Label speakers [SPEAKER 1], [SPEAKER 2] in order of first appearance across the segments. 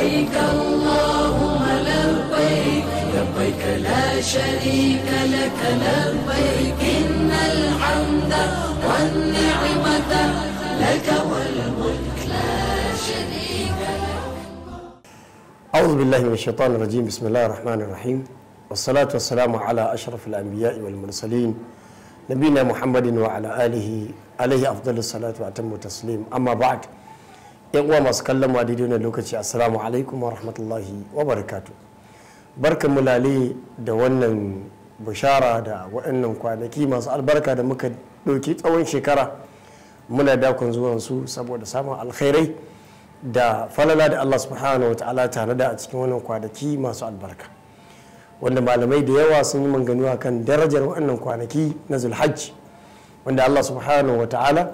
[SPEAKER 1] لبيك اللهم لبيك لبيك لا شريك لك لبيك إن الحمد والنعمة لك والملك لا شريك لك أعوذ بالله من الشيطان الرجيم بسم الله الرحمن الرحيم والصلاة والسلام على أشرف الأنبياء والمرسلين نبينا محمد وعلى آله عليه أفضل الصلاة وأتم التسليم أما بعد yan uwa masu kallon ma daidai wannan lokaci assalamu alaikum wa rahmatullahi wa barakatu barkan lale da wannan bishara da waɗannan kwanaki masu albarka da muka ɗauki tsawon shekara muna dakon zuwan su saboda samun alkhairai da falala da Allah subhanahu wa ta'ala tare da a cikin wannan kwanaki masu albarka wanda malamai da yawa sun yi manganu kan darajar waɗannan kwanaki na zulhajji wanda Allah subhanahu wa ta'ala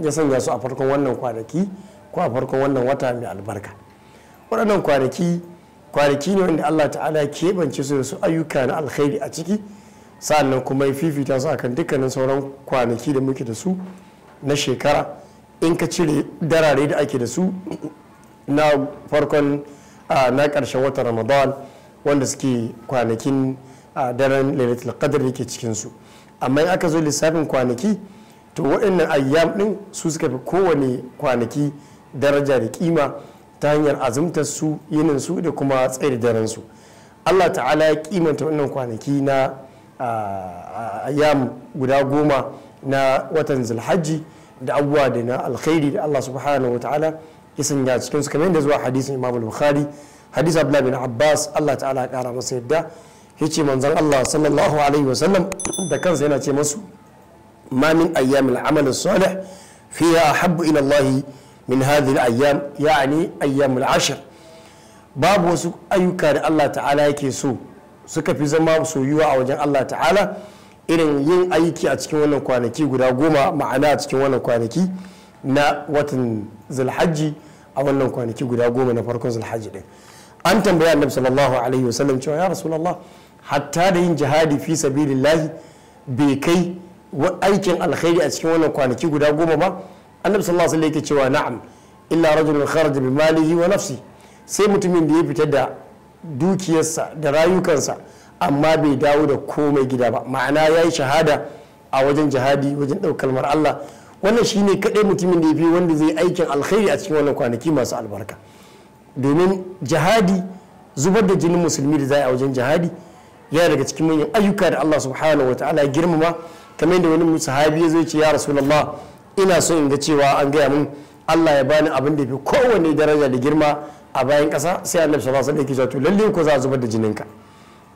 [SPEAKER 1] ya sanya su a farkon wannan kwanaki ko a farkon wannan wata mai albarka waɗannan kwanaki kwanaki ne wanda allah ta'ala ya keɓance su da su ayyuka na alkhairi a ciki sa'annan kuma ya fifita su akan dukkanin sauran kwanaki da muke da su na shekara in ka cire darare da ake da su na farkon na karshen watan ramadan wanda suke kwanakin daren lalatul qadr da ke cikinsu amma in aka zo lissafin kwanaki to waɗannan ayyam ɗin su suka fi kowane kwanaki daraja da kima ta hanyar azumtar su yinin su da kuma tsayar daren su Allah ta'ala ya kimanta wannan kwanaki na yam guda goma na watan zulhajji da abuwa da na alkhairi da Allah subhanahu wa ta'ala ya sanya cikin su kamar yadda zuwa hadisin Imam al-Bukhari hadisi Abdullah bin Abbas Allah ta'ala ya kara masa yadda yace manzon Allah sallallahu alaihi wasallam da kansa yana ce masu ma min ayyamil amal salih fiha ahabbu ila Allah min hadhihi ayyam yani al ashir babu wasu ayyuka da Allah ta'ala yake so suka fi zama soyuwa a wajen Allah ta'ala irin yin aiki a cikin wannan kwanaki guda goma ma'ana a cikin wannan kwanaki na watan zulhajji a wannan kwanaki guda goma na farkon zulhajji din an tambaya annabi sallallahu alaihi wasallam cewa ya rasulullah hatta da yin jihadi fi sabilillahi bai kai aikin alkhairi a cikin wannan kwanaki guda goma ba annabi sallallahu alaihi wasallam yake cewa na'am illa rajulun kharaja bi malihi wa nafsi sai mutumin da ya fita da dukiyarsa da rayukansa amma bai dawo da komai gida ba ma'ana ya yi shahada a wajen jihadi wajen ɗaukar kalmar Allah wannan shine kadai mutumin da ya fi wanda zai aikin alkhairi a cikin wannan kwanaki masu albarka domin jihadi zubar da jinin musulmi da za a wajen jihadi ya daga cikin manyan ayyuka da Allah subhanahu wa ta'ala girmama kamar yadda wani sahabi ya zo ya ce ya rasulullah ina so in ga cewa an gaya mun Allah ya bani abin da fi kowane daraja da girma a bayan ƙasa sai annabi sallallahu alaihi wasallam yake to lalle ko za a zubar da jininka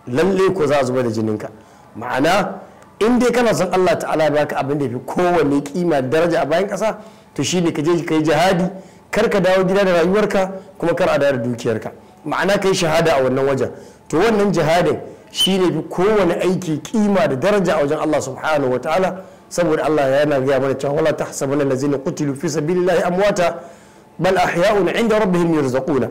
[SPEAKER 1] lalle ko za a zubar da jininka ma'ana in dai kana son Allah ta'ala ya baka abin da fi kowane kima daraja a bayan kasa to shine ka je ka yi jihadi kar ka dawo gida da rayuwarka kuma kar a dawo da dukiyarka ma'ana ka yi shahada a wannan wajen to wannan jihadin shine fi kowane aiki kima da daraja a wajen Allah subhanahu wataala saboda Allah ya yana gaya mana cewa wala tahsabanna allazina qutilu fi sabilillahi amwata bal ahya'un 'inda rabbihim yurzaquna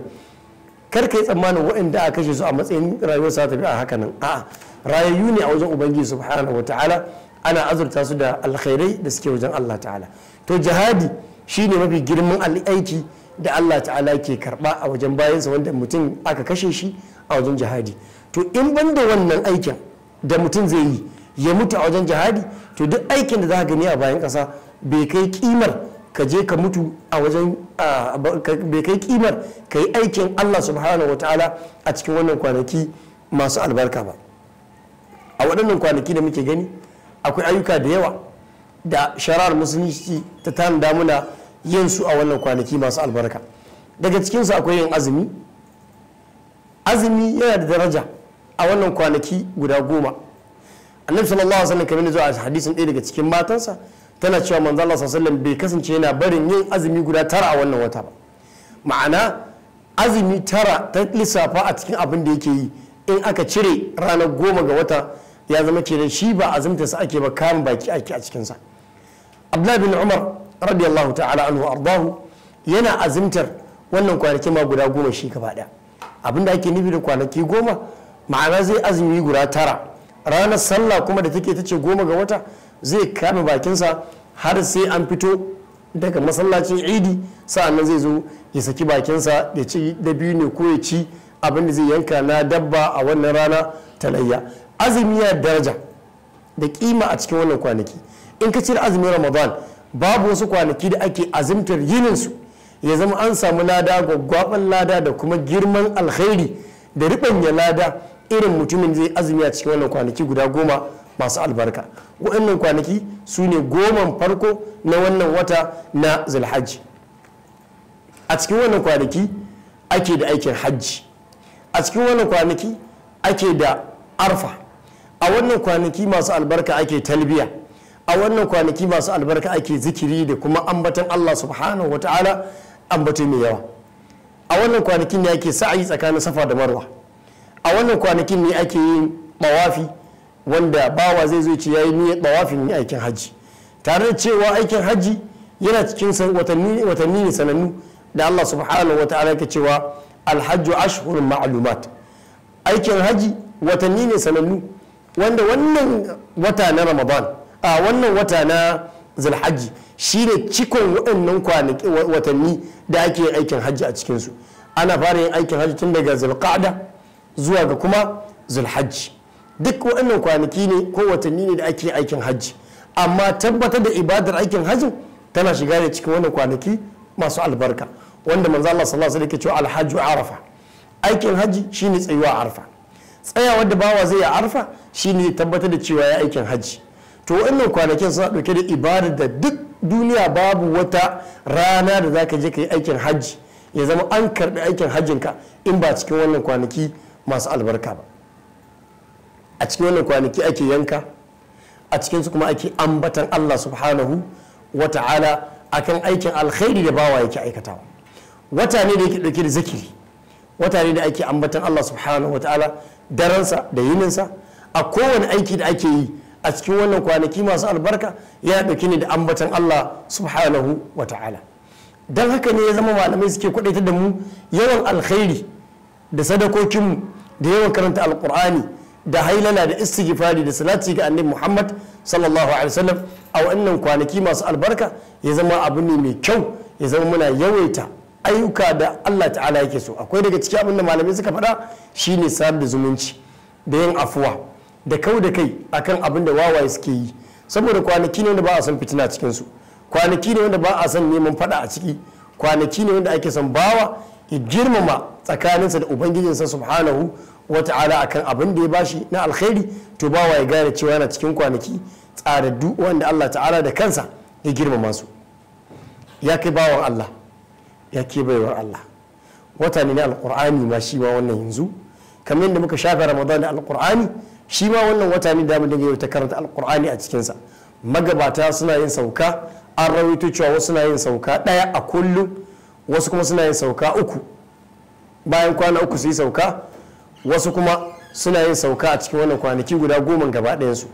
[SPEAKER 1] kar kai tsammanin waɗanda aka kashe su a matsayin rayuwar sa bi a haka nan a'a rayayyu ne a wajen ubangiji subhanahu wataala ana azurta su da alkhairai da suke wajen Allah ta'ala to jihadi shine mafi girman al'aiki da Allah ta'ala ke karba a wajen bayansa wanda mutum aka kashe shi a wajen jihadi to in banda wannan aikin da mutum zai yi ya mutu a wajen jihadi to duk aikin da za ka gani a bayan ƙasa bai kai kimar ka je ka mutu a wajen bai kai kimar ka yi aikin Allah subhanahu wataala a cikin wannan kwanaki masu albarka ba a waɗannan kwanaki da muke gani akwai ayyuka da yawa da shara'ar musulunci ta tanada damuna yin su a wannan kwanaki masu albarka daga cikinsu akwai yin azumi azumi yana da daraja a wannan kwanaki guda goma annabi sallallahu alaihi wasallam kamar zuwa hadisin ɗaya daga cikin matansa tana cewa manzo Allah sallallahu alaihi bai kasance yana barin yin azumi guda tara a wannan wata ba ma'ana azumi tara ta lissafa a cikin abin da yake yi in aka cire ranar goma ga wata ya zama ke shi ba azumta sa ake ba kamun baki ake a cikinsa abdullahi bin umar radiyallahu ta'ala anhu ardahu yana azumtar wannan kwanaki ma guda goma shi gaba daya abinda ake nufi da kwanaki goma ma'ana zai azumi guda tara ranar sallah kuma da take ta ce goma ga wata zai kame bakinsa har sai an fito daga masallacin idi sa'annan zai zo ya saki bakinsa da ci da biyu ne ko ya ci abin da zai yanka na dabba a wannan rana talayya azumi ya daraja da kima a cikin wannan kwanaki in ka cire azumin ramadan babu wasu kwanaki da ake azumtar yininsu ya zama an samu lada gwaggwaban lada da kuma girman alkhairi da riɓanya lada irin mutumin zai azumi a cikin wannan kwanaki guda goma masu albarka waɗannan kwanaki su ne goman farko na wannan wata na zulhajji a cikin wannan kwanaki ake da aikin hajji a cikin wannan kwanaki ake da arfa a wannan kwanaki masu albarka ake talbiya a wannan kwanaki masu albarka ake zikiri da kuma ambatan allah subhanahu wa ta'ala mai yawa a wannan kwanakin ne ake sa'ayi tsakanin safa da marwa a wannan kwanakin ne ake yin bawafi wanda bawa zai zo ce yayi niyyar tawafin ne aikin haji. tare da cewa aikin haji yana cikin watanni watanni ne sanannu da Allah subhanahu ta'ala ke cewa alhajju ashhurun ma'lumat aikin haji watanni ne sanannu wanda wannan wata na ramadan a wannan wata na zulhajji shine cikon waɗannan kwanaki watanni da ake aikin haji a cikinsu ana fara yin aikin haji tun daga zulqa'da zuwa ga kuma zulhajji duk waɗannan kwanaki ne ko watanni ne da ake aikin hajji amma tabbatar da ibadar aikin hajji tana shiga ne cikin wannan kwanaki masu albarka wanda manzo Allah sallallahu alaihi wasallam cewa alhajju arafa aikin hajji shine tsayuwa arafa tsayawar da bawa zai yi arfa shine tabbatar da cewa ya aikin hajji to wannan kwanakin suna dauke da ibadar da duk duniya babu wata rana da zaka je ka yi aikin hajji ya zama an karbi aikin hajjinka in ba cikin wannan kwanaki masu albarka ba a cikin wannan kwanaki ake yanka a cikinsu kuma ake ambatan allah subhanahu wa ta'ala akan aikin alkhairi da bawa yake aikatawa wata ne da yake dauke da zikiri wata ne da ake ambatan allah subhanahu wa ta'ala daransa da yininsa a kowane aiki da ake yi a cikin wannan kwanaki masu albarka yana dauke ne da ambatan allah subhanahu wa ta'ala don haka ne ya zama malamai suke kudaita da mu yawan alkhairi da sadakokinmu da yawan karanta alkur'ani da hailala da istighfari da salati ga annabi muhammad sallallahu alaihi wasallam a wannan kwanaki masu albarka ya zama abu ne mai kyau ya zama muna yawaita ayyuka da allah ta'ala yake so akwai daga ciki abin da malamai suka faɗa shine sadar da zumunci da yin afuwa da kau da kai akan abin da wawaye suke yi saboda kwanaki ne wanda ba a son fitina cikinsu kwanaki ne wanda ba a son neman faɗa a ciki kwanaki ne wanda ake son bawa ya girmama tsakaninsa da ubangijinsa subhanahu wataala akan abin da ya bashi na alkhairi to bawa ya gane cewa yana cikin kwanaki duk wanda Allah ta'ala da kansa ya girmama su ya kai bawan Allah ya ke baiwar Allah wata ne na alkur'ani ma shi ma wannan yanzu kamar yadda muka shafa ramadan da alkur'ani shi ma wannan wata ne da mu dinga ta karanta alkur'ani a cikinsa magabata suna yin sauka an rawaito cewa wasu na yin sauka ɗaya a kullum wasu kuma suna yin sauka uku bayan kwana uku su yi sauka wasu kuma suna yin sauka a cikin wannan kwanaki guda goma gaba ɗayansu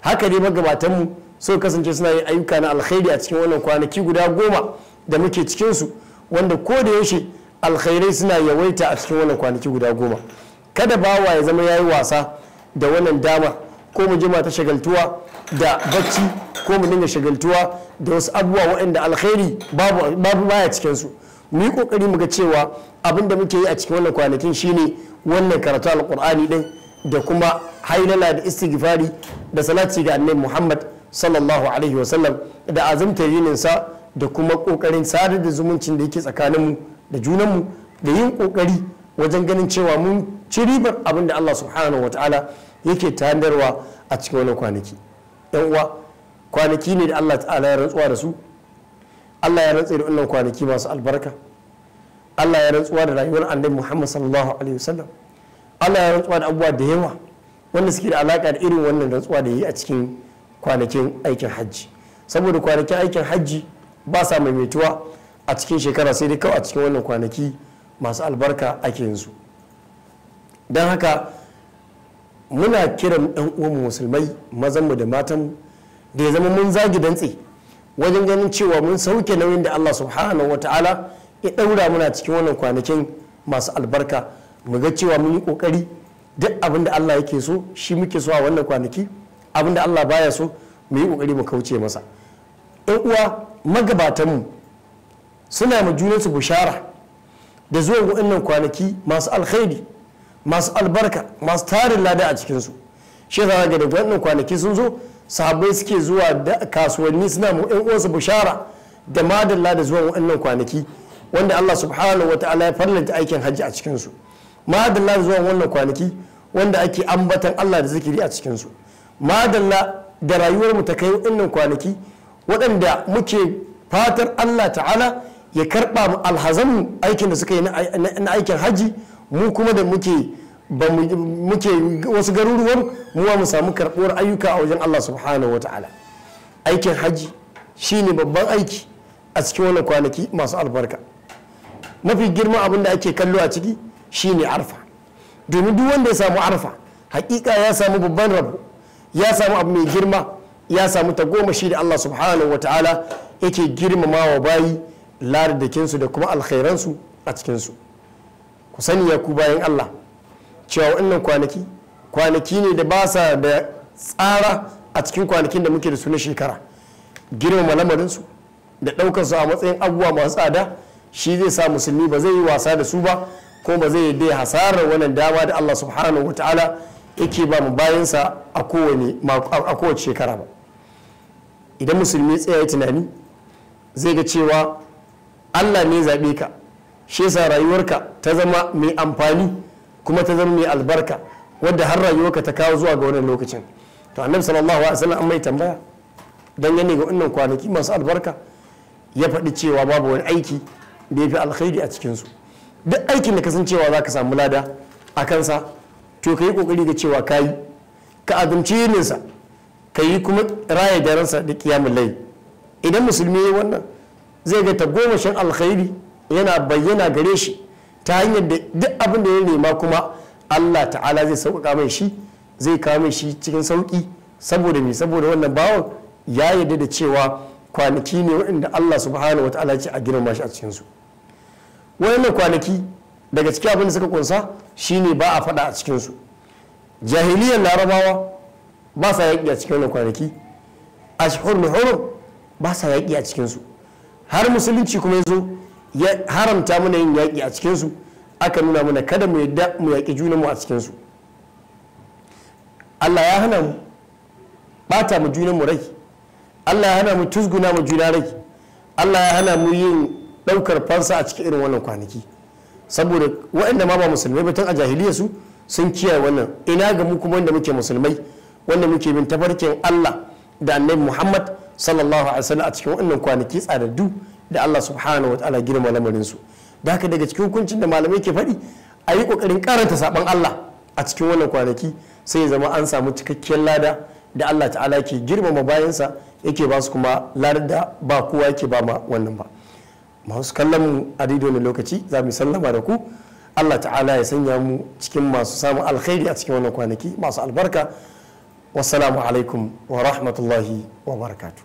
[SPEAKER 1] haka dai magabatanmu so kasance suna yin ayyuka na alkhairi a cikin wannan kwanaki guda goma da muke cikinsu wanda ko da yaushe alkhairai suna yawaita a cikin wannan kwanaki guda goma kada bawa ya zama ya yi wasa da wannan dama ko mu jima ta shagaltuwa da bacci ko mu dinga shagaltuwa da wasu abubuwa waɗanda alkhairi babu baya cikinsu mu yi kokari mu ga cewa abin da muke yi a cikin wannan kwanakin shine wannan karatu alqur'ani din da kuma hailala da istighfari da salati ga annabi Muhammad sallallahu alaihi wasallam da azumtar yinin sa da kuma kokarin sadar da zumuncin da yake tsakanin mu da junan mu da yin kokari wajen ganin cewa mun ci ribar abin da Allah subhanahu wataala yake tandarwa a cikin wannan kwanaki yan uwa kwanaki ne da Allah ta'ala ya rantsuwa da su Allah ya rantse irin wannan kwanaki masu albarka Allah ya rantsuwa da rayuwar annabi Muhammad sallallahu alaihi wasallam Allah ya rantsuwa da abubuwa da yawa wanda suke da alaka da irin wannan rantsuwa da yi a cikin kwanakin aikin hajji saboda kwanakin aikin hajji ba sa maimaituwa a cikin shekara sai dai kawai a cikin wannan kwanaki masu albarka ake yanzu don haka muna kiran ɗan uwanmu musulmai mazanmu da matan da ya zama mun zagi dantse wajen ganin cewa mun sauke nauyin da Allah subhanahu wa ta'ala ya ɗaura muna cikin wannan kwanakin masu albarka mu ga cewa mun yi ƙoƙari duk abin da Allah yake so shi muke so a wannan kwanaki abin da Allah baya so mu yi ƙoƙari mu kauce masa ɗan uwa magabatan mu suna ma junansu bushara da zuwan wannan kwanaki masu alkhairi masu albarka masu tarin lada a cikinsu shi yasa ga da wannan kwanaki sun zo sahabbai suke zuwa da kasuwanni suna mu yan uwansu bushara da madalla da zuwan waɗannan kwanaki wanda Allah subhanahu wata'ala ya farlanta aikin hajji a cikin su madalla da zuwan wannan kwanaki wanda ake ambatan Allah da zikiri a cikin su madalla da rayuwar mu ta kai waɗannan kwanaki waɗanda muke fatar Allah ta'ala ya karɓa mu alhazan aikin da suka yi na aikin hajji mu kuma da muke ba muke wasu garuruwan muwa mu samu karɓuwar ayyuka a wajen Allah subhanahu wa ta'ala aikin hajji shine babban aiki a cikin wannan kwanaki masu albarka mafi girma abin da ake kallo a ciki shi ne arfa domin duk wanda ya samu arfa hakika ya samu babban rabo ya samu abu mai girma ya samu ta shi da Allah subhanahu wa ta'ala yake girmamawa bayi lardakinsu da kuma alkhairansu a cikinsu ku sani ya ku bayan Allah cewa wannan kwanaki kwanaki ne da ba sa da tsara a cikin kwanakin da muke da su na shekara girmama su da su a matsayin abubuwa masu tsada shi zai sa musulmi ba zai yi wasa da su ba ko ba zai dai hasarar wannan dama da Allah subhanahu ta'ala yake ba mu bayansa a kowace shekara ba idan musulmi tsaya tunani zai ga cewa Allah ne zaɓe ka shi yasa rayuwarka ta zama mai amfani kuma ta zama mai albarka wadda har ka ta kawo zuwa ga wannan lokacin to annabi sallallahu alaihi wasallam an mai tambaya dan dangane ga wannan kwanaki masu albarka ya faɗi cewa babu wani aiki da ya fi alkhairi a cikin su duk aikin da kasancewa za ka samu lada a kansa to ka kokari ƙoƙari ga cewa ka yi ka azumci yininsa ka yi kuma raya sa da kiyamul layi idan musulmi ya wannan zai ga ta goma shan alkhairi yana bayyana gare shi ta hanyar da duk abin da ya nema kuma Allah ta'ala zai sauƙaƙa mai shi zai kawo mai shi cikin sauƙi saboda me saboda wannan bawan ya yarda da cewa kwanaki ne waɗanda Allah subhanahu wa ta'ala ce a girma shi a cikin su wannan kwanaki daga cikin abin da suka kunsa shine ba a faɗa a cikin su jahiliyar larabawa ba sa yaƙi a cikin wannan kwanaki ashhur muhurr ba sa yaƙi a cikin su har musulunci kuma ya zo ya haramta mana yin yaƙi a cikinsu aka nuna mana kada mu yadda mu yaƙi junanmu a cikinsu allah ya hana mu ɓata mu junanmu rai allah ya hana mu tusguna mu juna rai allah ya hana mu yin ɗaukar fansa a cikin irin wannan kwanaki saboda waɗanda ma ba musulmai ba tun a jahiliya su sun kiyaye wannan ina ga mu kuma wanda muke musulmai wanda muke bin tafarkin allah da annabi muhammad sallallahu alaihi wasallam a cikin wannan kwanaki tsadaddu da Allah subhanahu wa ta'ala girma lamarin su da haka daga cikin hukuncin da malamai ke faɗi a yi ƙoƙarin karanta saɓon Allah a cikin wannan kwanaki sai ya zama an samu cikakken lada da Allah ta'ala ke girmama bayansa yake ba su kuma ladar da ba kowa yake ba ma wannan ba masu kallon mu a daidai wani lokaci za mu sallama da ku Allah ta'ala ya sanya mu cikin masu samun alkhairi a cikin wannan kwanaki masu albarka wassalamu alaikum wa rahmatullahi wa barakatuh